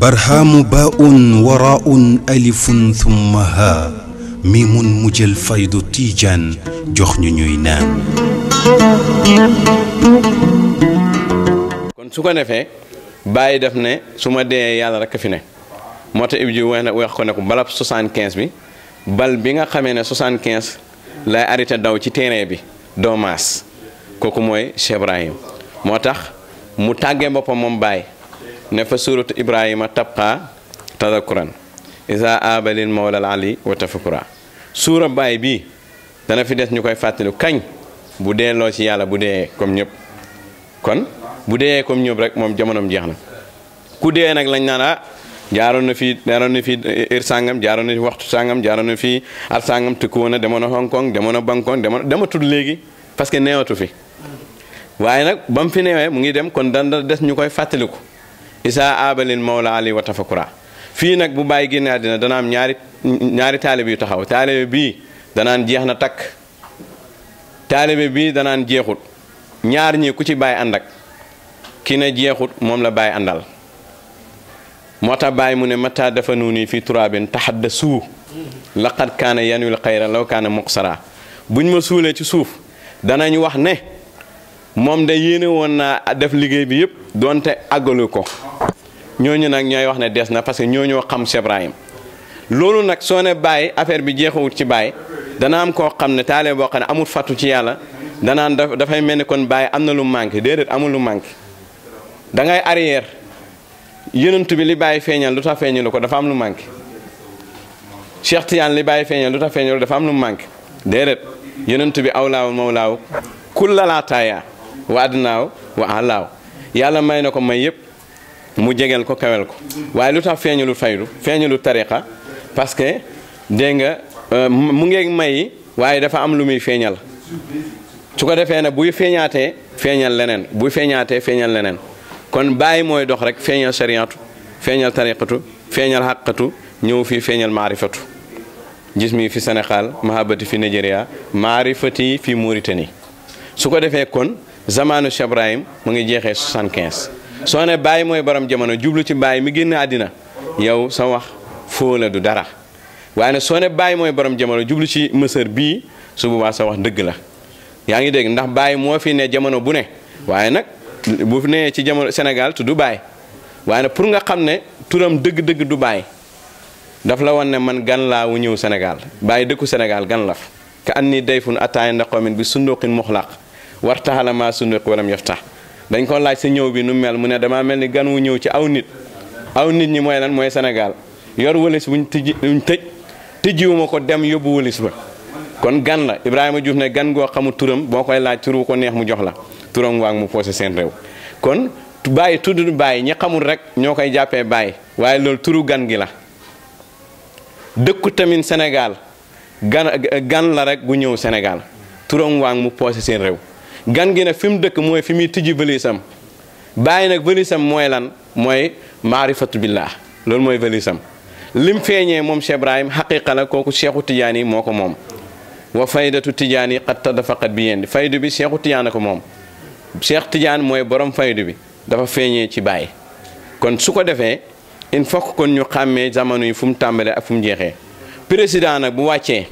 barhaamu baa'un waraa'un alifun thumma haa miimun mu jël faydu tiijaan jox ñu ñuy naan. kon su ko defee bàyyi def ne su ma dee yàlla rek fi ne moo tax Ibou Diouf wax na ko ne ko balab bi bal bi nga xamee ne 75 lay arrêté daw ci terrain bi. doomaas kooku mooy Cheikh Ibrahim moo tax mu tàggee boppam moom baay ne fa suuratu Ibrahima tabqa tadakuran isa abalin mawlal ali wa tafakura suura Baye bii dana fi des ñu koy fàttaliku kañ bu delloo ci yàlla bu dee comme ñëpp kon bu dee comme ñëpp rek moom jamonoom jeex na ku dee nag lañ naan ah jaaroon na fii jaaroon na fii eh, sàngam jaaroon na fi waxtu sàngam jaaroon na fii at sàngam tëkkuwoon na demoon na Hong Kong demoon na Bangkok demoon dematul léegi parce que neewatu fi waaye nag ba mu fi neewee mu ngi dem kon dana des ñu koy fàttaliku issa abalin mawla ali wa tafakura fii nag bu bàyyi génne àddina dana am ñaari ñaari taalibe yu taxaw taalibe bii danaan jeex na takk taalibe bii danaan jeexut ñaar ñi ku ci bàyyi ànd ak ki ne jeexut moom la bàyyi àndal moo tax bàyyi mu ne mata dafa nuuni fii turaabin taxadda suu laqad kaana yanul xayra law mokk kaana bu ñu ma suulee ci suuf dana ñu wax ne moom de yéene woon naa def liggéey bi yëpp doonte àggalu ko ñooñu nag ñooy wax ne des na parce que ñooñoo xam Cheikh Ibrahim loolu nag soo ne bàyyi affaire bi jeexawut ci baay dana am koo xam ne taalee boo xam ne amul fattu ci yàlla danaan dafay mel ni kon baay am na lu manqué déedéet amul lu manqué dangay ngay yonent bi li bàyyi feeñal lu tax feeñalu ko dafa am lu manqué Cheikh Tidiane li bàyyi feeñal lu tax feeñalu dafa am lu manqué déedéet yonent bi awlaaw mawlaaw kullalaataa wa adnaaw wa alaaw yàlla may na ko may yëpp mu jegeel ko kawel ko waaye lu tax feeñalu faydu feeñalu tariqa parce que dégg nga euh, mu ngeen may waaye dafa am lu muy feeñal su ko defee ne buy feeñaatee feeñal leneen buy feeñaatee feeñal leneen. kon bàyyi mooy dox rek feeñal sariyaatu feeñal tariqatu feeñal xàqatu ñëw fii feeñal maarifatu gis mi fi Sénégal mahabati fi Nigeria maarifati fi Mauritanie su ko defee kon zamanu Cheikh Ibrahim mu ngi jeexee 75 soo ne bàyyi mooy borom jamono jublu ci bàyyi mi génn àddina yow sa wax foo du dara waaye nag soo ne bàyyi mooy borom jamono jublu ci mësër bii su sa wax dëgg la yaa ngi dégg ndax bàyyi moo fi ne jamono bu ne waaye nag. bu nee ci jamono Sénégal tudd Baye waaye nag pour nga xam ne turam dëgg-dëgg du Baye daf la won ne man gan laa wu ñëw Sénégal bàyyi dëkku Sénégal gan la fa ka an nii dayfun attaaya ndaqoomin bi sunduqin muxlaq war taxala maa sunduq walam yaftax dañ ko laaj sa ñëw bi nu mel mu ne damaa mel ni gan wu ñëw ci aw nit aw nit ñi mooy lan mooy senegaal yor wëlis wuñ tijji wuñ tëj tijjiwuma ko dem yóbbu wëlis ba kon gan la Ibrahima Diouf ne gan goo xamul turam boo koy laaj tur bu ko neex mu jox la turam waa mu poosé seen réew kon bàyyi tudd bàyyi ñi xamul rek ñoo koy jàppee bàyyi waaye loolu turu gan gi la dëkku tamit Sénégal gan gan la rek gu ñëw Sénégal turam waa mu poosé seen réew gan gi nag fi mu dëkk mooy fi muy tijji valisam bàyyi nag valisam mooy lan mooy maarifatu billah loolu mooy valisam lim feeñee moom Cheikh Ibrahim xaqiqa la kooku Cheikhu Tidiane moo ko moom wa faydatu Tidiane qad tadafaqat bi yéen faydu bi Cheikhu Tidiane ko moom Cheikh Tidiane mooy borom faydu bi dafa feeñee ci baay kon su ko defee il faut que kon ñu xàmmee jamono yi fu mu tàmbalee ak fu mu jeexee président nag bu wàccee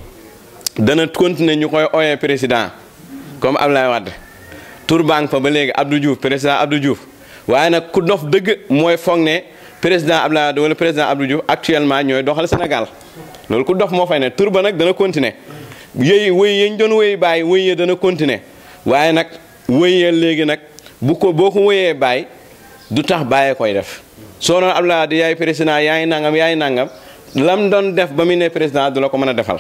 dana continuer ñu koy ooyee président comme Ablaye Wade tur banque fa ba léegi Abdou Diouf président Abdou Diouf waaye nag ku dof dëgg mooy foog ne président Ablaye Wade wala président Abdou Diouf actuellement ñooy doxal Sénégal loolu ku dof moo fay ne tur ba nag dana continuer yooyu wéy yañ doon wéy bàyyi wéy ya dana continuer waaye nag. wëyee léegi nag bu ko boo ko wëyee baay du tax bàyyee koy def soo doon Abdoulaye Wade yaay président yaay nangam yaay nangam lam doon def ba mu ne président du la ko mën a defal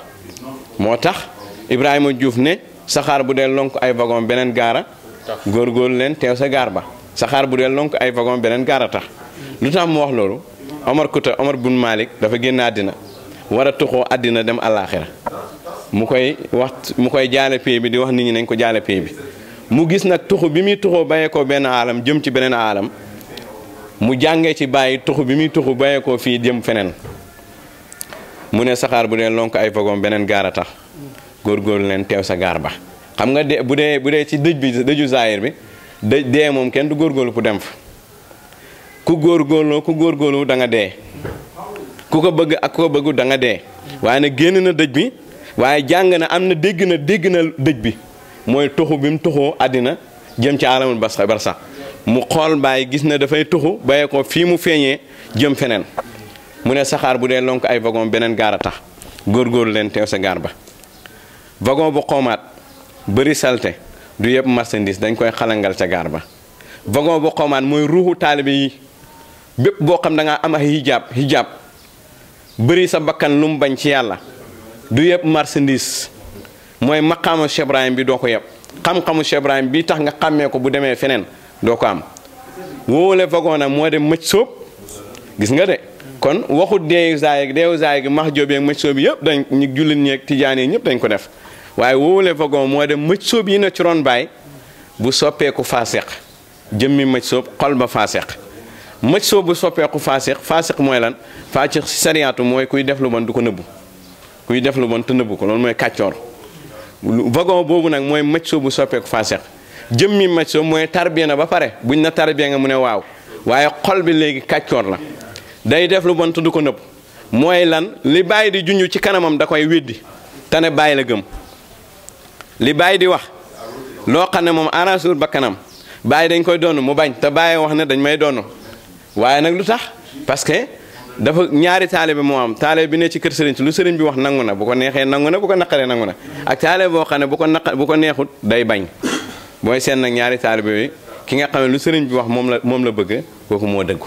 moo tax Ibrahima Diouf ne saxaar bu dee lonk ay wagon beneen gaara góor leen teew sa gaar ba saxaar bu dee lonk ay wagon beneen gaara tax lu tax mu wax loolu Omar Kouta Omar Bun Malik dafa génn àddina war a tuxoo àddina dem àllaaxira mu koy wax mu koy jaale pay bi di wax nit ñi nañ ko jaale pay bi mu gis nag tuxu bi muy tuxoo bàyyeekoo benn aalam jëm ci beneen aalam mu jàngee ci bàyyi tuxu bi muy tuxu bàyyeekoo fii jëm feneen mu ne saxaar bu dee lonk ay fogoom beneen gaar a tax góor góorgóorlu leen teew sa gaar ba xam nga de bu dee bu dee ci dëj bi dëju zaayir bi dëj dee moom kenn du góor pour dem fa ku góorgóorloo ku góorgóorlu da nga dee ku ko bëgg ak ku ko bëggu da dee waaye nag génn na dëj bi waaye jàng na am na dégg na dégg na dëj bi moy tuxu bim mu adina jëm ci alamul basra barsa mu xol bay gis na fay tuxu baye ko fi mu feñe jëm fenen mune saxar bu de lonk ay wagon benen gara tax gor gor len teew sa gar ba wagon bu xomat beuri salté du yeb marchandise dañ koy xalangal ca gar ba wagon bu xomat moy ruhu talibi yi xam da nga am hijab hijab beuri sa bakkan lum bañ ci yalla du yeb marchandise mooy maqaamu Cheikh bi doo ko yeb xam-xamu Cheikh tax nga xàmmee ko bu demee feneen doo ko am wóole vagoona moo dem mëcc sóob gis nga de kon waxut deewu zaayeg deewu max joobeeg mëcc sóob yëpp dañ ñu jullit ñeeg tijaan yi ñëpp dañ ko def waaye wóole vagon moo dem mëcc sóob yi na ci ron baay bu soppeeku faaseq jëmmi mëcc sóob ba faaseq mëcc sóob bu soppeeku faaseq faaseq mooy lan faaseq si sariyaatu mooy kuy def lu bon du ko nëbbu kuy def lu bon te nëbbu ko loolu mooy kàccoor wagon boobu nag mooy macso bu soppeeku faasex jëmmi macso mooy tarbiya na ba pare bu buñ na tarbiya nga mu ne waaw waaye xol bi léegi kàccoor la day def lu bon te du ko nëbb mooy lan li bàyyi di junj ci kanamam da koy weddi te ne bàyyi la gëm li bàyyi di wax loo xam ne moom arrangewul ba kanam bàyyi dañ koy donn mu bañ te bàyyi wax ne dañ may donn waaye nag lu tax parce dafa ñaari taalibe moo am taalibe bi ne ci kër sëriñ si lu sëriñ bi wax nangu na bu ko neexee nangu na bu ko naqaree nangu na ak taalibe boo xam ne bu ko naq bu ko neexut day bañ mooy seen nag ñaari taalibe bi ki nga xam ne lu sëriñ bi wax moom la moom la bëgg kooku moo dëggu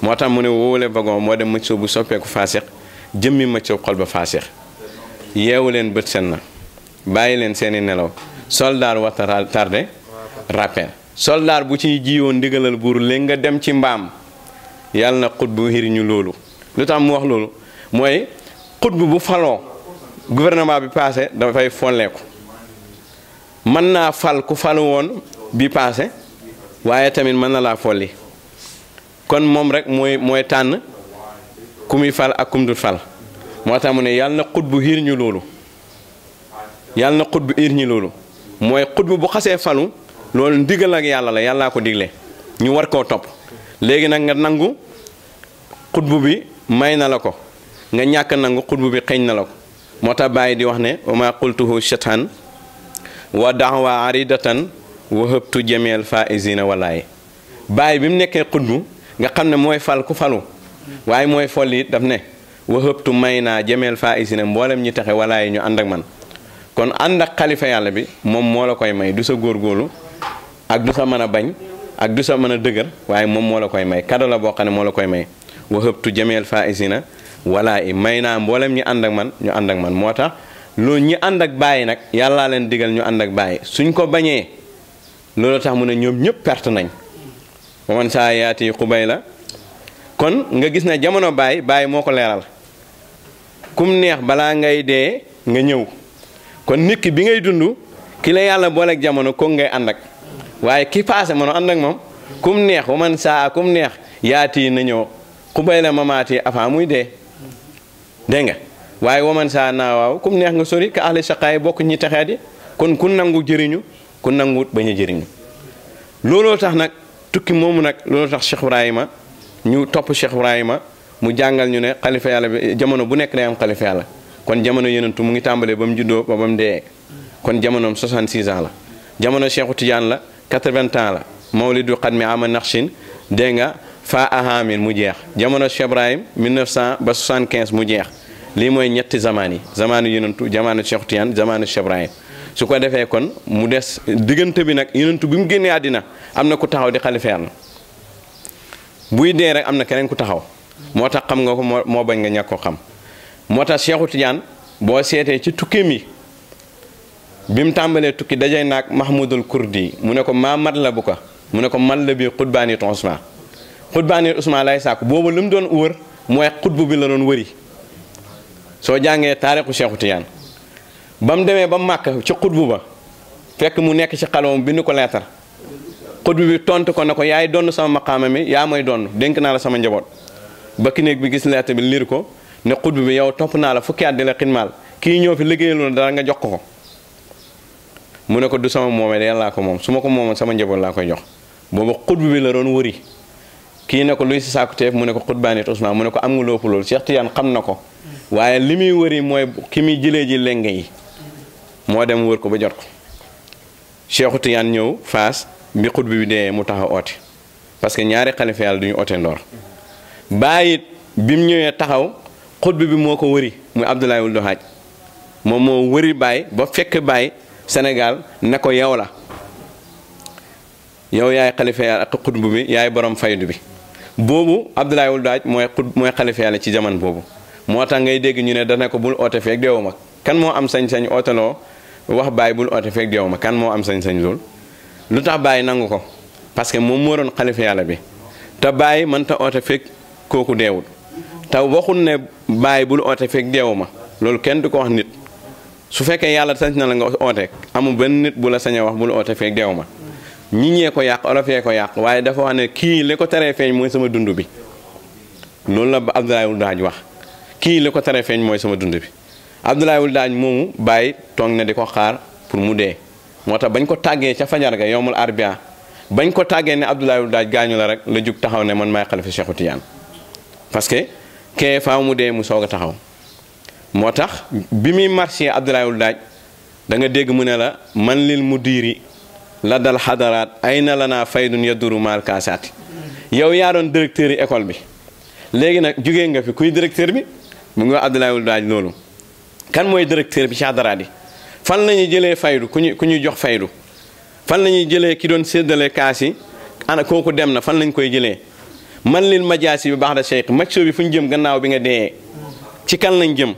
moo tax mu ne wóole bagon moo dem mëccoo bu soppeeku faasex jëmmi mëccoo xol ba faasex yeewu leen bët seen na bàyyi leen seeni nelaw soldaar waxta tardé rappel soldaar bu ci jiwoon ndigalal buur léegi nga dem ci mbaam yàlla na xut bu ñu loolu lu tax mu wax loolu mooy xut bu bu faloo gouvernement bi passé dafay folleeku mën naa fal ku falu woon bi passé waaye tamit mën na laa folli kon moom rek mooy mooy tànn ku muy fal ak kum fal moo tax mu ne yàlla na xut bu xiir ñu loolu yàlla na xut bu xiir ñi loolu mooy xut bu bu xasee falu loolu ndigal ak yàlla la yàllaa ko digle ñu war koo topp léegi nag nga nangu xutbu bi may na la ko nga ñàkk nangu xutbu bi xeñ na la ko moo tax bàyyi di wax ne wa ma qultuhu shatan wa daawa aridatan wa hëbtu faa faisina walaaye bàyyi bi mu nekkee xutbu nga xam ne mooy fal ku falu waaye mooy fol yi daf ne wa hëbtu may naa jameel faisina mboolem ñi taxe walaaye ñu ànd ak man kon ànd ak xalifa yàlla bi moom moo la koy may du sa góorgóorlu ak du sa mën a bañ ak du sa mën a dëgër waaye moom moo la koy may kado la boo xam ne moo la koy may waxëbtu jameel faisina wala i may naa mboolem ñi ànd ak man ñu ànd ak man moo tax loolu ñi ànd ak bàyyi nag yàllaa leen digal ñu ànd ak bàyyi suñ ko bañee loolu tax mu ne ñoom ñëpp perte nañ waman saa yaati xubay la kon nga gis ne jamono bàyyi bàyyi moo ko leeral kum neex balaa ngay dee nga ñëw kon nit bi ngay dund ki yàlla booleeg jamono ko ngay ànd ak waaye ki passé mëno ànd ak moom kum neex man saa kum neex yaati na ñëw xubayla mamaati avant muy dee dégg nga waaye wa man saa naa waaw kum neex nga sori ka ahli saqaay bokk ñi texeet yi kon ku nangu jëriñu ku nanguwut bañ a jëriñu looloo tax nag tukki moomu nag looloo tax Cheikh ma ñu topp Cheikh ma mu jàngal ñu ne xalifa yàlla bi jamono bu nekk day am xalifa yàlla kon jamono tu mu ngi tàmbalee ba mu juddoo ba ba mu dee kon jamonoom 66 ans la jamono Cheikhu Tidiane la 80 ans la mawlidu xat mi ama naxshin dégg nga fa ahamin mu jeex jamono Cheikh Ibrahim 1900 ba 75 mu jeex lii mooy ñetti zamaan yi zamaanu yonantu zamaanu Cheikh Tidiane zamaanu Cheikh su ko defee kon mu des diggante bi nag yonantu bi mu génnee àddina am na ku taxaw di xalifeer na buy dee rek am na keneen ku taxaw moo tax xam nga ko moo bañ nga ñàkk ko xam moo tax Cheikh Tidiane boo seetee ci tukkeem yi bi mu tàmbalee tukki daje dajay naag mahmudul kurdi mu ne ko maa mat la bu ko mu ne ko man la bii xutbaani Usmaan xutbaani Usmaan lay sàkku boobu lu mu doon wër mooy xutbu bi la doon wëri soo jàngee taarixu Seexu Tijaan ba mu demee ba màkk ci xutbu ba fekk mu nekk ci bi bind ko leetar xutbu bi tontu ko na ko yaay donn sama maqaama mi yaa may donn dénk naa la sama njaboot ba ki néeg bi gis leetar bi liir ko ne xutbu bi yow topp naa la fukki at di la xidmaal kii ñëw fi liggéeyaloon dara nga jox ko ko mu ne ko du sama moomee yàlla laa ko moom su ma ko moomoon sama njaboot laa koy jox booba xutb bi la doon wëri kii ne ko luy si saaku mu ne ko xutbaanit Ousmane mu ne ko am nga lóopu loolu Cheikh Tidiane xam na ko waaye li muy wëri mooy ki muy jëlee ji lenge yi moo dem wër ko ba jot ko Cheikh Tidiane ñëw faas bi xutb bi dee mu taxaw oote parce que ñaari xalifa yàlla duñu oote ndoor bàyyit bi mu ñëwee taxaw xutb bi moo ko wëri muy Abdoulaye wul Doxaaj moom fekk baay senegal ne ko yow la yow yaay xalifa yàlla ak xutbu bi yaay boroom faydu bi boobu Abdoulaye Wul Daaj mooy xut mooy xalifa yàlla ci jamono boobu moo tax ngay dégg ñu ne dana ko bul oote feeg deewu ma kan moo am sañ-sañ ooteloo wax bàyyi bul oote feeg deewu ma kan moo am sañ-sañ lu tax bàyyi nangu ko parce que moom moo doon xalifa bi te bàyyi mënta oote kooku deewul te waxul ne bàyyi bul oote feeg ma loolu kenn du ko wax nit. su fekkee yàlla sañ na la nga oote amul benn nit bu la sañ wax bu la oote feeg deew ma ñi ko yàq olof yee ko yàq waaye dafa wax ne kii li ko teree feeñ mooy sama dund bi loolu la Abdoulaye Wul Daaj wax kii li ko teree feeñ mooy sama dund bi Abdoulaye Wul Daaj moomu bàyyi toog na di ko xaar pour mu dee moo tax bañ ko tàggee ca fajar ga yowmul arbia bañ ko tàggee ne Abdoulaye Wul Daaj gaañu la rek la jug taxaw ne man may xalifa Cheikhu Tiyaan parce que kee faaw mu dee mu soog a taxaw moo tax bi muy marché Abdoulaye Daaj da nga dégg mu ne la man lil mu diiri la dal xadaraat ay na la naa faydun yaduru maal kaasaati yow yaa doon directeur yi école bi léegi nag jugee nga fi kuy directeur bi mu ngi wax Abdoulaye Daaj loolu kan mooy directeur bi ci xadaraat yi fan la ñuy jëlee faydu ku ñu ku ñuy jox faydu fan la ñuy jëlee ki doon séddale kaas yi ana kooku dem na fan lañu koy jëlee man lil majaasi bi baax da cheikh macso bi fu ñu jëm gannaaw bi nga dee ci kan lañ jëm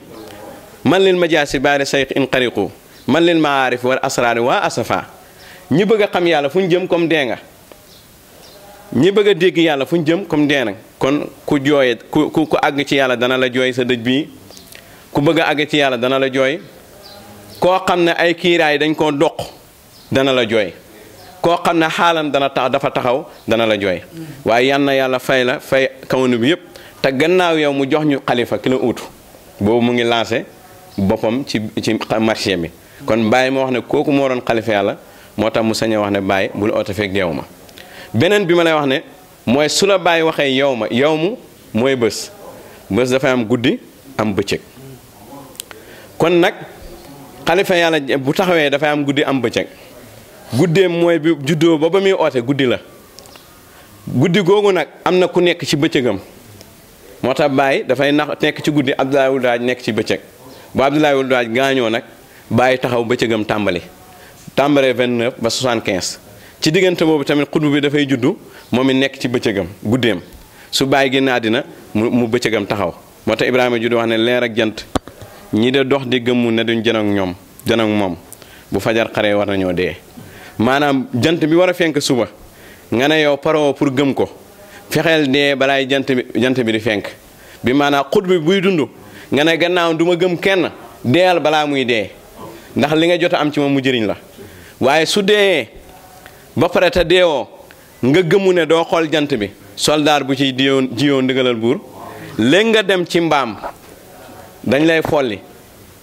man leen si baari sayq in xariqu man leen maarif war asraari waa asafa ñi bëgg a xam yàlla fu ñu jëm comme dee nga ñi bëgg a dégg yàlla fu ñu jëm comme dee nag kon ku jooy ku ku àgg ci yàlla dana la jooy sa dëj bii ku bëgg a àgg ci yàlla dana la jooy koo xam ne ay kiiraay dañ koo doq dana la jooy koo xam ne xaalam dana tax dafa taxaw dana la jooy waaye yàlla fay la fay kawnu bi yépp te gannaaw yow mu jox ñu xalifa ki la uutu boobu mu ngi lancé boppam ci ci marché bi kon Baye moo wax ne kooku moo doon xalifa yàlla moo tax mu sañ wax ne Baye bul oote feeg deew ma beneen bi ma lay wax ne mooy su la Baye waxee yow ma yow mu mooy bës bés dafay am guddi am bëccëg kon nag xalifa yàlla bu taxawee dafay am guddi am bëccëg guddeem mooy bi juddoo ba ba muy oote guddi la guddi googu nag am na ku nekk ci bëccëgam moo tax Baye dafay nax nekk ci guddi Abdoulaye Daaj nekk ci bëccëg bu Abdoulaye Wade Wade gaañoo nag bàyyi taxaw bëccëgam tàmbali tàmbalee 29 ba quinze ci diggante boobu tamit xutbu bi dafay juddu moom it nekk ci bëccëgam guddeem su bàyyi gi naa dina mu mu bëccëgam taxaw moo tax Ibrahima juddu wax ne leer ak jant ñi de dox di gëmmu ne duñ janoog ñoom janoog moom bu fajar xaree war nañoo dee maanaam jant bi war a fenk suba nga ne yow paroo pour gëm ko fexeel dee balaay jant bi jant bi di fenk bi maanaam bi buy dund. nga ne gannaaw duma gëm kenn deyal balaa muy dee ndax li nga jot am ci moom mu jëriñ la waaye su deeyee ba pare te deewoo nga gëmu ne doo xool jant bi soldaar bu ciy diyoon jiyoo ndigalal buur léegi nga dem ci mbaam dañ lay folli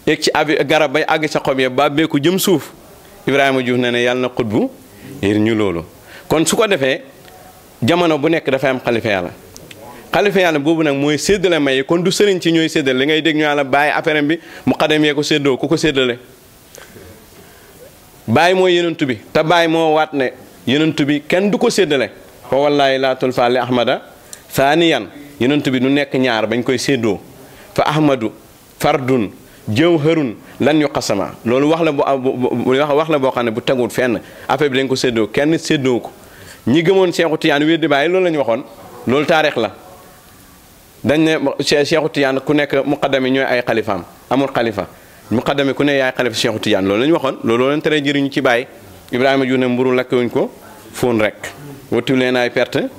yéeg ci abi garab bay àgg sa xob ya ba beeku jëm suuf Ibrahima Diouf na ne yàlla na xutbu yër ñu loolu kon su ko defee jamono bu nekk dafay am xalifa yàlla xalifa yàlla boobu nag mooy séddale may kon du sëriñ ci ñooy séddale li ngay dégg ñu la bàyyi affaire bi mu xadam yee ko séddoo ku ko séddale bàyyi mooy yenentu bi te bàyyi moo waat ne yenentu bi kenn du ko séddale fa wallaahi laatul faali ahmada saaniyan yenentu bi du nekk ñaar bañ koy séddoo fa ahmadu fardun jawharun lan yu xasama loolu wax la bu wax la boo xam ne bu teguwul fenn affaire bi dañ ko séddoo kenn séddoo ko ñi gëmoon Seexu Tijaan wér di bàyyi loolu lañu waxoon loolu taarix la dañ ne Cheikhu Tidiane ku nek muqaddam ñoy ay xalifaam amul xalifa muqaddam ku ne yaay xalifa Cheikhu Tidiane loolu la ñu loolu leen tere jëriñu ci bàyyi Ibrahima ju mburu lakkewuñ ko fóon rek wattu leen ay perte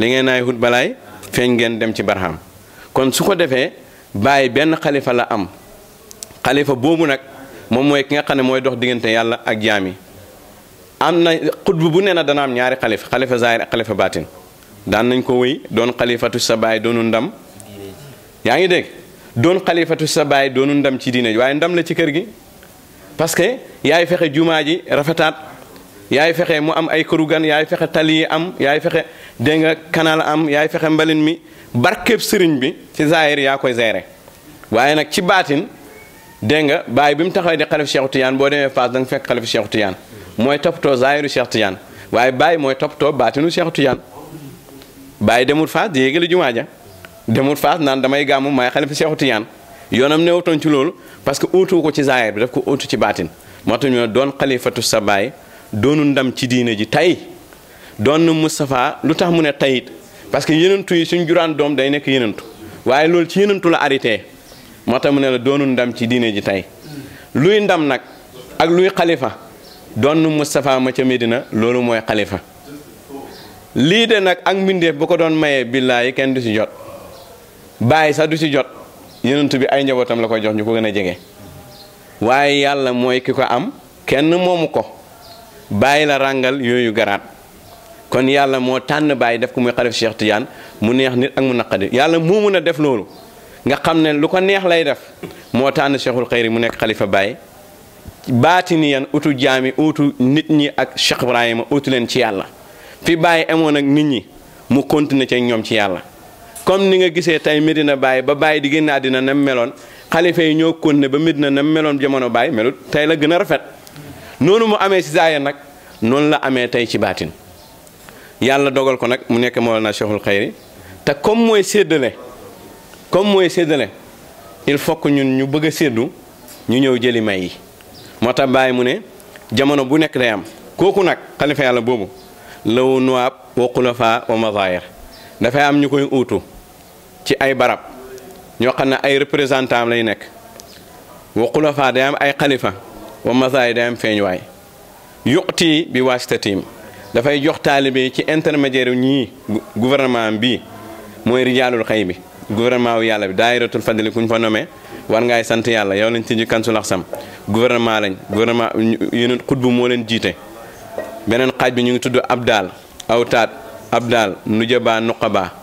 li ngeen ay hut balaay feeñ ngeen dem ci barham kon su ko defee bàyyi benn xalifa la am xalifa boobu nag moom mooy ki nga xam ne dox diggante yàlla ak jaam yi am bu nee dana am ñaari xalifa xalifa zahir ak xalifa baatin nañ ko wéy doon xalifatu sa baay ndam yaa ngi dégg doon xalifatu sa baay doonu ndam ci diine waaye ndam la ci kër gi parce que yaay fexe jumaa ji rafetaat yaay fexe mu am ay këru gan yaay fexe tali yi am yaay fexe dégg nga canal am yaay fexe mbalin mi barkeeb sëriñ bi ci zaahir yaa koy gérer waaye nag ci baatin dégg nga bàyyi bi mu taxawee di xalif Cheikh Tidiane boo demee Fass da nga fekk xalif Cheikh Tidiane mooy toppatoo zaahiru Cheikh Tidiane waaye bàyyi mooy toppatoo baatinu Cheikh Tidiane bàyyi demul Fass di jumaa ja demut faas naan damay gàmmu maay xalifa Seexu Tijaan yoonam newutoon ci loolu parce que uutu ko ci zaahir bi daf ko uutu ci baatin moo tax ñu doon xalifatu sa baay doonu ndam ci diine ji tey doon na lu tax mu ne tayit parce que yenentu yi suñ juraan doom day nekk yenentu waaye loolu ci yenentu la arrêté moo tax mu ne la doonu ndam ci diine ji tey luy ndam nag ak luy xalifa doon na Moustapha ma ca Medina loolu mooy xalifa lii de nag ak mbindeef bu ko doon mayee billaahi kenn du si jot bàyyi sax du ci jot yonent bi ay njabootam la ko jox ñu ko gën a jege waaye yàlla mooy ki ko am kenn moomu ko bàyyi la ràngal yooyu garaat kon yàlla moo tànn bàyyi def ko muy xalif Cheikh Tidiane mu neex nit ak mu naqadi yàlla moo mun a def loolu nga xam ne lu ko neex lay def moo tànn Cheikhul Xayri mu nekk xalifa bàyyi baati ni yan utu jaami utu nit ñi ak Cheikh ma utu leen ci yàlla fi bàyyi amoon ak nit ñi mu continuer ci ñoom ci yàlla comme ni nga gisee tey Medina bàyyi ba bàyyi di génn àddina nam meloon xalifa yi ñoo kon ne ba Medina nam meloon jamono Baye melut tey la gën a rafet noonu mu amee si zaaya nag noonu la amee tey ci baatin yàlla dogal ko nag mu nekk Mawlana soxul Xayri te comme mooy séddale comme mooy séddale il faut que ñun ñu bëgg a séddu ñu ñëw jëli may yi moo tax Baye mu ne jamono bu nekk day am kooku nag xalifa yàlla boobu lawu nuwaab wa xulafaa wa mazaayir dafay am ñu koy uutu ci ay barab ñoo xam ne ay représentant lay nekk wa xulafa day am ay xalifa wa masaay day am feeñuwaay yuqti bi waasitatim dafay jox taalibe ci yu ñii gouvernement bi mooy rijaalul xay bi gouvernement wu yàlla bi daayiratul fadli kuñ fa nommé war ngaay sant yàlla yow lañ tijji kan sulax sam gouvernement lañ gouvernement yeneen xutbu moo leen jiite beneen xaaj bi ñu ngi tudd abdal awtaat abdal nujaba nuqaba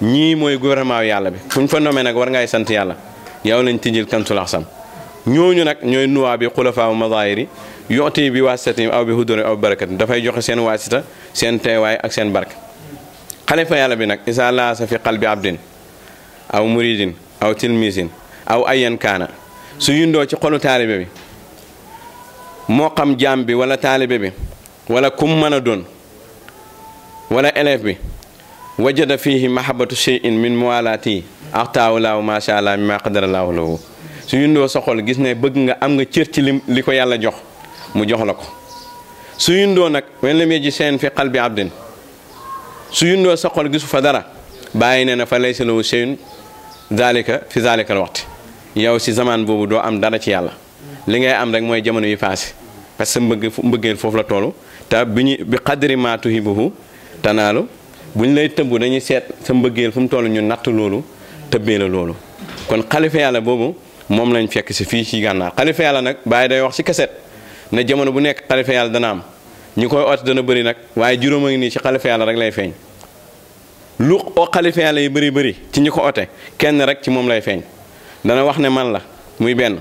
ñii mooy gouvernement yàlla bi fu fa nomee nag war ngay sant yàlla yow lañ tijjil kansul axsam ñooñu nag ñooy nuwaa bi xulafaa mazahiri yoxti bi waasitatim aw bi hudori aw barakatim dafay joxe seen waasita seen teewaay ak seen barke xalifa yàlla bi nag isa laasa fi qalbi abdin aw muridin aw tilmisin aw ayyan kaana su yundoo ci xolu taalibe bi moo xam jaam bi wala taalibe bi wala kum mën a doon bi wajada fiihi mahabatu shay'in min muwalaati axtaawulaahu macha allah mimma qadaralaahu lahu su yundoo soxol gis ne bëgg nga am nga cër ci li li ko yàlla jox mu jox la ko su yundoo nag wen lam yajid shay'an fi qalbi abdin su yundoo sa gisu fa dara bàyyi ne na fa laysa lahu shay'un zalika fi zalika al waqt si zaman boobu doo am dara ci yàlla li ngay am rek mooy jamono yi passé parce que mbëgg foofu la toll te bi ñu bi qadri ma tuhibuhu bu ñu lay tëbb dañuy seet sa mbëggeel fu mu toll ñu natt loolu tëbbee la loolu kon xalifa yàlla boobu moom lañ fekk si fii ci gànnaar xalifa yàlla nag bàyyi day wax si keset ne jamono bu nekk xalifa yàlla dana am ñu koy ot dana bëri nag waaye juróom a ngi nii ci xalifa yàlla rek lay feeñ lu o xalifa yàlla yi bëri bëri ci ñi ko ote kenn rek ci moom lay feeñ dana wax ne man la muy benn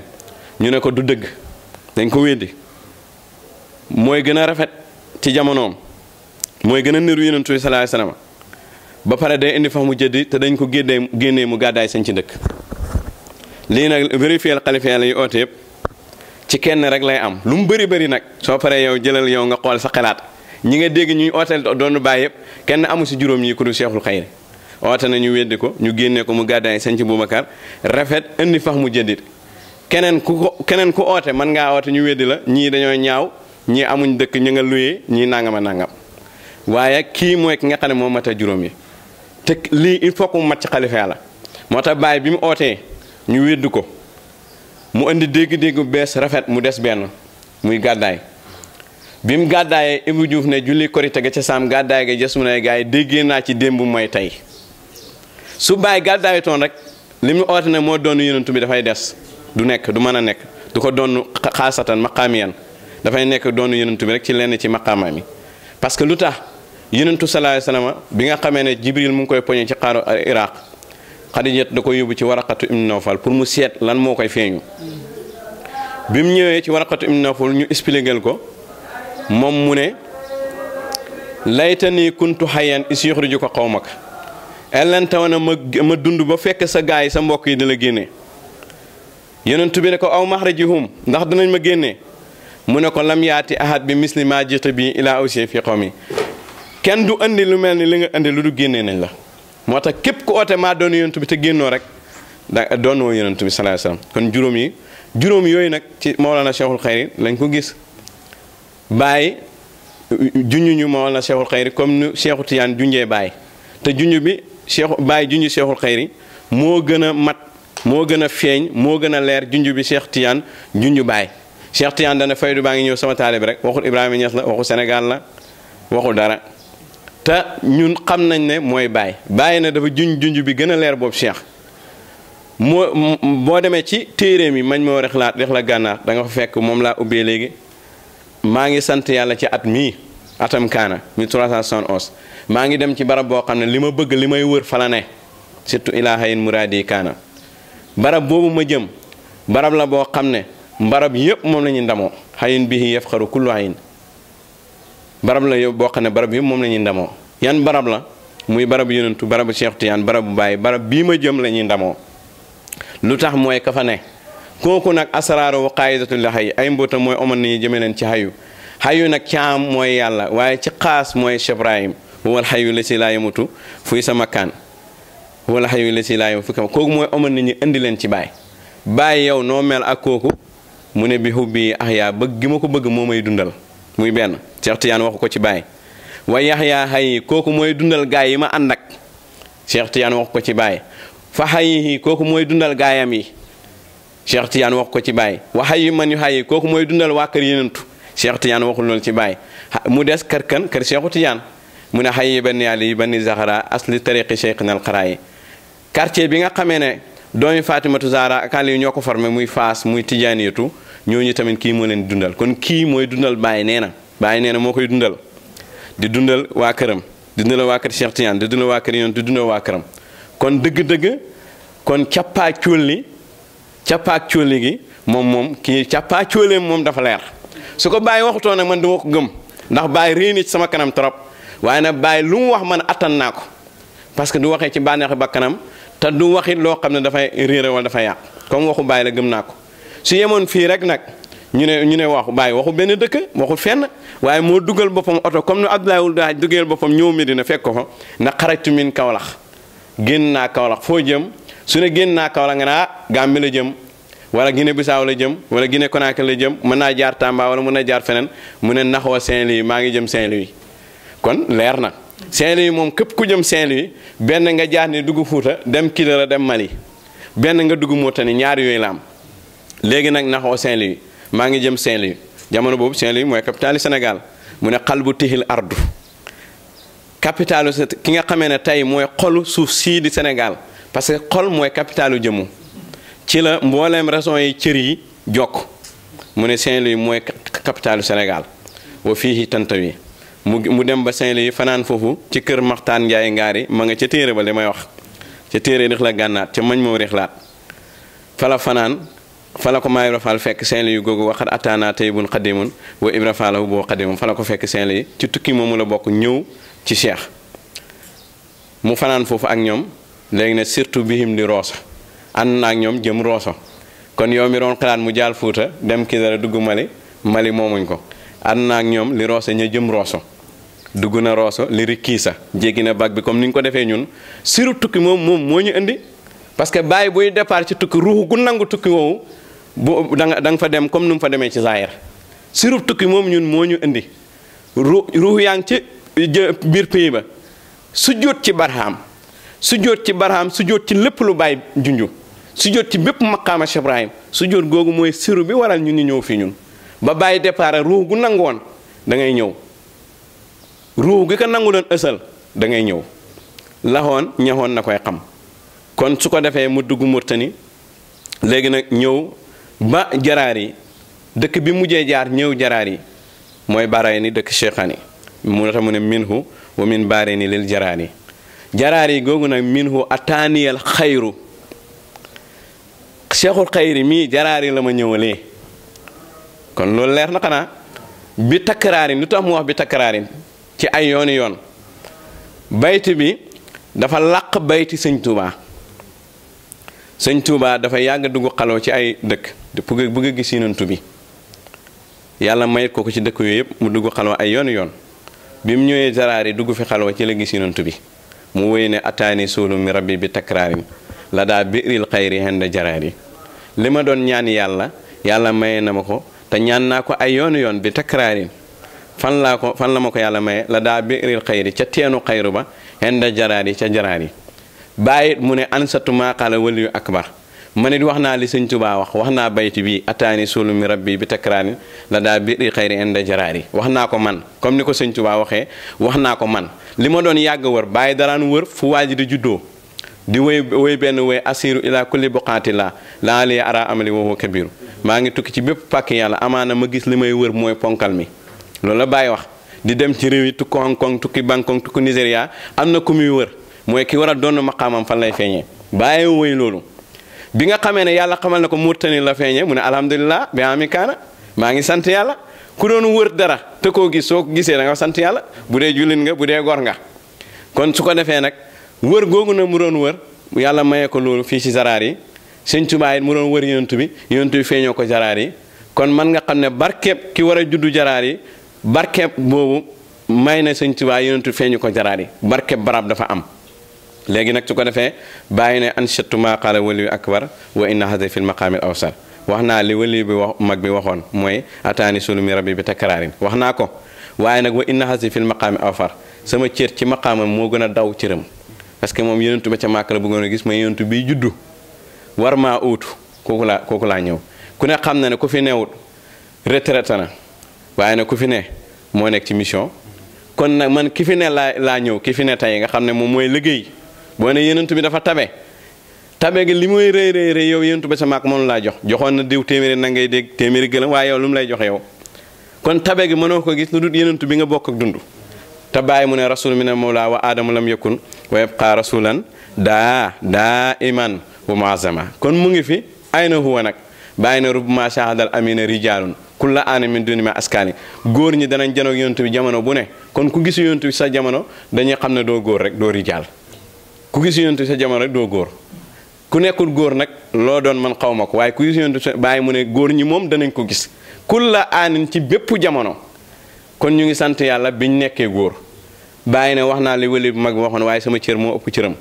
ñu ne ko du dëgg dañ ko weddi mooy gën a rafet ci jamonoom mooy gën a niru yonent bi sallallahu alayhi wasallam ba pare day indi fax mu jëddi te dañ ko génnee génnee mu gàddaay sañ ci dëkk lii nag vérifier xalifa la yu oote yëpp ci kenn rek lay am lu mu bëri bari nag soo paree yow jëlal yow nga xool sa xalaat ñi nga dégg ñuy ooteel doonu bàyyi yëpp kenn amu si juróom ñii ku dul seexul xayri oote na ñu weddi ko ñu génnee ko mu gàddaay sañ ci Boubacar rafet indi fax mu jëddit keneen ku ku oote mën ngaa oote ñu weddi la ñii dañoo ñaaw ñii amuñ dëkk ñu nga luyee ñii nangama nangam waaye kii mooy ki nga xam moo mat a juróom yi te lii il faut que mu mat ci xalifa yàlla moo tax baay bi mu ootee ñu weddu ko mu indi dégg-dégg bees rafet mu des benn muy gàddaay bi mu gàddaayee Ibou Diouf ne julli korite ga ca saam gàddaay ga jës mu ne yi déggee naa ci démb mooy tey su bàyyi gàddaayu toon rek li mu oote ne moo doon yonent bi dafay des du nekk du mën a nekk du ko doon xaasatan maqaamiyan dafay nekk doon yonent bi rek ci lenn ci maqaamaam yi yonentu salaay salaama bi nga xamee ne jibril mu ngi koy poñe ci xaaru iraq xadijat da koy yóbbu ci waraqatu ibn nawfal pour mu seet lan moo koy feeñu bi mu ñëwee ci waraqatu ibn nawfal ñu expliquer ko moom mu ne layta nii kuntu xayaan is yuxriju ko xaw mag ellen tawana ma dund ba fekk sa gaay sa mbokk yi di la génne yonent bi ne ko aw maxrajihum ndax danañ ma génne mu ne ko lam yaati bi misli maa bi ilaa awsiya fi qawmi kenn du indi lu mel ni li nga indi lu du génnee nañ la moo tax képp ku oote maa doon yonent bi te génnoo rek da doon woo kon juróom yi juróom yooyu nag ci Mawlana Cheikhul Khayri lañ ko gis bàyyi junj ñu Mawlana Cheikhul Khayri comme nu Cheikhu Tiyaan junjee te junj bi Cheikh bàyyi junj Cheikhul Khayri moo gën a mat moo gën a feeñ moo gën a leer junj bi Cheikh Tiyaan junj bàyyi Cheikh dana faydu baa ngi ñëw sama taalib rek waxul Ibrahima Niass la waxul Sénégal la waxul dara. te ñun xam nañ ne mooy baay baay na dafa juñ junj bi gën a leer boobu cheikh moo boo demee ci téere mi mañ moo rex laa rex la gànnaar da fa fekk moom laa ubbee léegi maa ngi sant yàlla ci at mii atam kaana 1371 maa ngi dem ci barab boo xam ne li ma bëgg li may wër fala ne surtout ilaaha yin muraadi kaana barab boobu ma jëm barab la boo xam ne mbarab yépp moom la ñuy ndamoo xayin bihi yafxaru kullu ayin barab la yow boo xam ne barab yi moom la ñuy ndamoo yan barab la muy barabu bu barabu Cheikh Tidiane bu Baye barab bii ma jëm la ñuy ndamoo lu tax mooy ka fa ne kooku nag asaraaru qaayidatu la xay ay mbootam mooy oman nañu jëme leen ci xayu xayu nag caam mooy yàlla waaye ci xaas mooy Cheikh Ibrahim wal xayu la si laa yamutu fuy sa makkaan wala xayu la si laa yamutu fuy nañu indi leen ci baay baay yow noo mel ak kooku mu ne bi xubbi ax ma ko bëgg moo may dundal muy benn Cheikh Tidiane waxu ko ci baay wa yaxyaa xayi kooku mooy dundal gaay yi ma ànd ak Cheikh ko ci baay fa xayihi kooku mooy dundal gaayam yi Cheikh Tidiane waxu ko ci baay wa xayi man yu xay kooku mooy dundal waa kër yenentu Cheikh Tidiane waxul loolu ci baay mu des kër kan kër Cheikhu Tidiane mu ne xayi bani ali bani zahra asli tariqi cheikhina alxaraayi quartier bi nga xamee ne doomi Fatimatu Zahra ak Ali ñoo ko formé muy Faas muy Tijaaniyatu ñooñu tamit kii moo leen dundal kon kii mooy dundal baay nee na bàyyi nee na moo koy dundal di dundal waa këram di dundal waa kër Cheikh Tidiane di waa kër yoon di waa këram kon dëgg-dëgg kon cappaa cóolli cappaa cóolli gi moom moom kii cappaa cóoleem moom dafa leer su ko bàyyi waxutoo nag man duma ko gëm ndax bàyyi réer ci sama kanam trop waaye nag bàyyi lu mu wax man attan naa ko parce que du waxee ci bànneexi ba kanam te du waxit loo xam ne dafay réere wala dafay yàq comme waxu bàyyi la gëm naa ko su yemoon fii rek nag. ñu ne ñu ne waxu bàyyi waxu benn dëkk waxu fenn waaye moo dugal boppam oto comme ni Abdoulaye Wul Daaj dugal boppam ñëw Medina fekk ko fa na xarajtu min Kaolack génn naa Kaolack foo jëm su ne génn naa Kaolack nga ne ah Gàmbi la jëm wala Guinée Bissau la jëm wala Guinée Conakry la jëm mën naa jaar Tamba wala mën naa jaar feneen mu ne naxoo Saint-Louis maa ngi jëm Saint-Louis kon leer na Saint-Louis moom képp ku jëm saint benn nga jaar ni dugg Fuuta dem Kidira dem Mali benn nga dugg Mauritanie ñaar yooyu laam léegi nag naxoo Saint-Louis maa ngi jëm saint jamono boobu Saint-Louis mooy capitale senegal mu ne xal bu tixil ardu capitale ki nga xamee ne tey mooy xolu suuf sii di senegal parce que xol mooy capitalu jëmu ci la mbooleem raison yi cër yi jokk mu ne saint mooy capitalu senegal wa fii tantawi mu mu dem ba Saint-Louis fanaan foofu ci kër Maxtaan Njaay ngaari ma nga ca téere ba li may wax ca téere rix la gànnaat ca mañ moo rix fala fanaan fala ko maam Ibra Fall fekk Saint-Louis googu waxat ataana tayyibun xadimun wa Ibra Fallahu boo xadimun fala ko fekk Saint-Louis ci la bokk ñëw ci Cheikh mu fanaan foofu ak ñoom léegi ne surtout bihim di Rooso ànd na ñoom jëm Rooso kon yow mi doon mu jaal Fuuta dem kii dugg Mali Mali moomuñ ko ànd na ak ñoom li Rooso ña jëm Rooso dugg na Rooso li Rikiisa jéggi na bag bi comme ni ñu ko defee ñun surtout tukki moom moom moo ñu indi parce que bàyyi buy départ ci tukki ruuxu gu nangu tukki woowu bu da nga da nga fa dem comme nu mu fa demee ci zaahir surub tukki moom ñun moo ñu indi ru ruux yaa ngi ci biir pays ba su jóot ci barxaam su jóot ci barxaam su jóot ci lépp lu bàyyi junju su jóot ci bépp maqaama Cheikh su jóot googu mooy siru bi waral ñun ñu ñëw fii ñun ba bàyyi départ ruux gu nangoon da ngay ñëw ruux gi ko nangu doon ësal da ngay ñëw laxoon ñaxoon na koy xam kon su ko defee mu dugg murtani léegi nag ñëw ba jaraar yi dëkk bi mujjee jaar ñëw jaraar yi mooy baray ni dëkk Cheikhaan yi mu ne mu ne minhu wa min baare ni lil jaraar yi jaraar yi googu nag minhu ataaniyal xayru cheikhul xayri mii jaraar yi la ma ñëwalee kon loolu leer na xanaa bi takkaraarin lu tax mu wax bi takkaraarin ci ay yooni yoon bayti bi dafa làq bayti sëñ Touba sëñ Touba dafa yàgg dugg xaloo ci ay dëkk bëgg bëgg a gis yonent bi yàlla mayit ko ko ci dëkk yooyu yëpp mu dugg xalwa ay yoonu yoon bi mu ñëwee zaraar yi dugg fi xalwa ci la gis yonent bi mu woy ne ataani suulu mi rabbi bi takraarin la daa biril xayri henda jaraar yi li ma doon ñaan yàlla yàlla maye na ma ko te ñaan naa ko ay yoon yoon bi takraarin fan laa ko fan la ma ko yàlla maye la daa biril xayri ca teenu xayru ba henda jaraar yi ca jaraar yi bàyyit mu ne ansatu maa qaala waliyu akbar man it wax naa li sëñ Tuubaa wax wax naa bayti bi ataani sulumi rabbi bi takraani la daa biri xayri inda jaraari wax naa ko man comme ni ko sëñ Tuubaa waxee wax naa ko man li ma doon yàgg wër bàyyi nu wër fu waa ji di juddoo di woy woy benn woy asiru ila kulli buqaati la laa li ara amali woowu kabiru maa ngi tukki ci bépp pàkk yàlla amaana ma gis li may wër mooy ponkal mi loolu la bàyyi wax di dem ci réew yi tukki Hong Kong tukki Bangkok tukki Nigéria am na ku muy wër mooy ki war a doon fan lay feeñee bàyyi woy loolu bi nga xamee ne yàlla xamal na ko murtani la feeñee mu ne alhamdulilah bi ami kaana maa ngi sant yàlla ku doon wër dara te koo gis soo gisee da nga sant yàlla bu dee jullit nga bu dee gor nga kon su ko defee nag wër googu na mu doon wër yàlla mayee ko loolu fii si zaraar yi sëñ Tuubaa it mu doon wër yonent bi yonent bi feeñoo ko zaraar yi kon man nga xam ne barkeeb ki war a juddu zaraar yi barkeeb boobu may na sëñ Tuubaa yonent feeñu ko zaraar yi barkeeb barab dafa am léegi nag su ko defee bàyyi ne anshattu maa qaala waliyu akbar wa inna hada fi lmaqaami aw awsar wax naa li waliyu bi wax mag bi waxoon mooy ataani sulumi rabbi bi takraarin wax naa ko waaye nag wa inna hada fi lmaqaami awsar sama cër ci maqaamam moo gën a daw cëram parce que moom yonentu ba ca màkk la bëggoon a gis ma yonentu bi juddu war maa uutu kooku laa kooku laa ñëw ku ne xam na ne ku fi newut retraité na waaye nag ku fi ne moo nekk ci mission kon nag man ki fi ne laa laa ñëw ki fi ne tey nga xam ne mooy liggéey boo ne yonent bi dafa tabe tabe gi li mooy rëy rëy rëy yow yonent bi sa maak moom laa jox joxoon na diw téeméeri na ngay dégg téeméeri gëlëm waaye yow lay jox yow kon tabe gi mënoo ko gis lu dul bi nga bokk ak dund te bàyyi mu ne rasul mi ne mawla wa aadama lam yakun wa yabqa rasulan daa daa iman wa muazama kon mu ngi fi ay ayna huwa nag bàyyi na rub ma shahadal amina rijalun kulla aana min duni ma askaani góor ñi danañ janoog yonent bi jamono bu ne kon ku gis yonent bi sa jamono dañuy xam ne doo góor rek doo rijaal ku gis yonentu sa jamono rek doo góor ku nekkul góor nag loo doon man xaw ma ko waaye ku gis yonentu sa bàyyi mu ne góor ñi moom danañ ko gis kul la aanin ci bépp jamono kon ñu ngi sant yàlla bi ñu nekkee góor bàyyi ne wax naa li wëli mag bi waxoon waaye sama cër moo ëpp cëram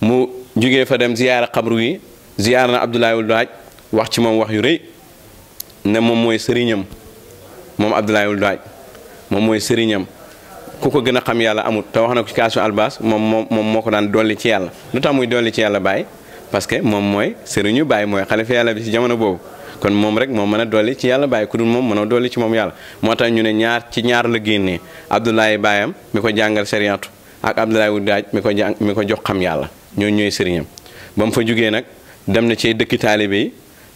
mu jógee fa dem ziyaara xabru wi ziyaar na Abdoulaye wul Duwaaj wax ci moom wax yu rëy ne moom mooy sëriñam moom Abdoulaye Duwaaj moom mooy sëriñam kuko gëna xam yalla amut taw wax ko ci kasu albas mom mom moko moo ko daan dolli ci yalla lu muy doli ci yalla bay parce que mom moy sëriñu bay moy khalifa yalla bi ci jamono bobu kon mom rek mom meuna doli ci yalla bay ku dul moom mën a ci mom yalla motax tax ñu ne ñaar ci ñaar la génnee abdullahi bayam mi ko jangal sariatu ak abdullahi wudaj mi ko jàng mi ko jox xam yalla ñoo ñoy serignam bam fa jugee nak dem na ci dekk taalibe yi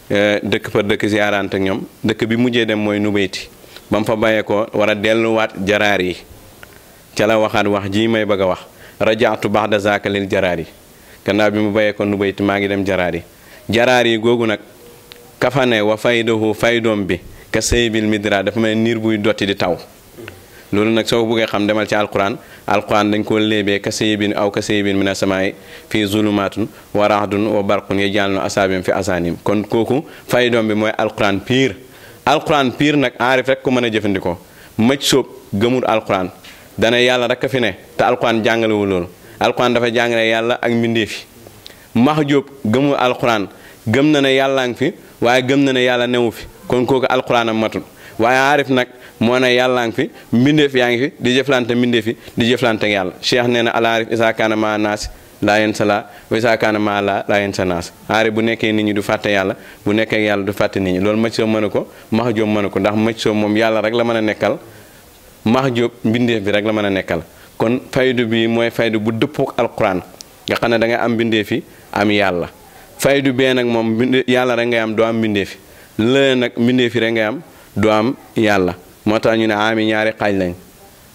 par eh, dekk ziarante ak ñom dekk bi mujjé dem moy nubeyti bam fa bayé ko wara delu wat ca la waxaat wax jii may bëgg a wax rajaatu baax zaaka lil jaraar yi gannaaw bi mu bayee ko nu bayti maa ngi dem jaraar yi jaraar yi googu nag kafane wa faydahu faydoom bi ka saybil midra dafa mel niir buy dotti di taw loolu nag soo bëggee xam demal ci alquran alquran dañ koo léebee ka sayibin aw ka sayibin min asamaay fii zulumaatun wa raxdun wa barqun yi jàll na asaabim fi asaanim kon kooku faydoom bi mooy alquran piir alquran piir nag aarif rek mën a jëfandikoo mëj sóob gëmul alquran dana yàlla rek a fi ne te alquran jàngalewu loolu alquran dafa jàngale yàlla ak mbindeef max jóob gëmul alquran gëm na ne yàllaa ngi fi waaye gëm na ne yàlla newu fi kon kooku alquran am matul waaye aarif nag moo ne yàllaa ngi fi mbindeef yaa ngi fi di jëflante mbindeef di jëflante ak yàlla cheikh nee na al maa naas laa yenn sa laa wa isa kaana maa laa laa yenn naas aarif bu nekkee nit ñu du fàtte yàlla bu nekkee yàlla du fàtte nit ñu loolu maj soo mënu ko max jóob mënu ko ndax maj moom yàlla rek la mën a nekkal max job binde bi rek la nekkal kon faydu bi moy faydu bu dëppook alquran nga xana da nga am binde fi am yalla faydu nak mom moom yalla rek nga am do am fi le nak mbindeef fi rek nga am do am yalla yare ñu ne ami ñaari xaj lañ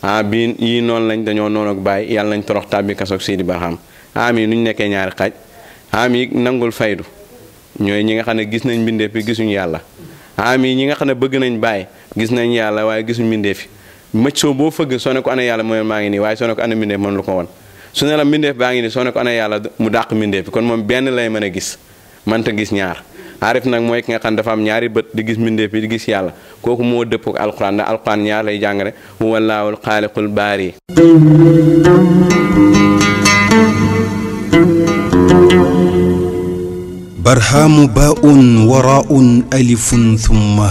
ah bi yi non lañ dañoo non ak bay yalla lañ torox tabbi di baham. ami nu ñu nekkee ñaari xaj ami nangul faydu ñoy ñi nga xana gis nañ mbindeef bi gisun yalla ami ñi nga xana bëgg nañ bay gis nañ yalla gisun fi maccoo bo fëgg soné ko ana yalla mooy maa ngi nii waaye ko ana mbindeef man lu ko won suné la mbindeef baa ngi nii ko ana yalla mu daq mbindeef bi kon mom benn lay mëna gis man ta gis ñaar arif nak moy ki nga xam dafa am ñaari bëtt di gis mbindeef di gis yalla koku mo depp ak alquran alquran ñaar lay barhamu baun waraun alifun thumma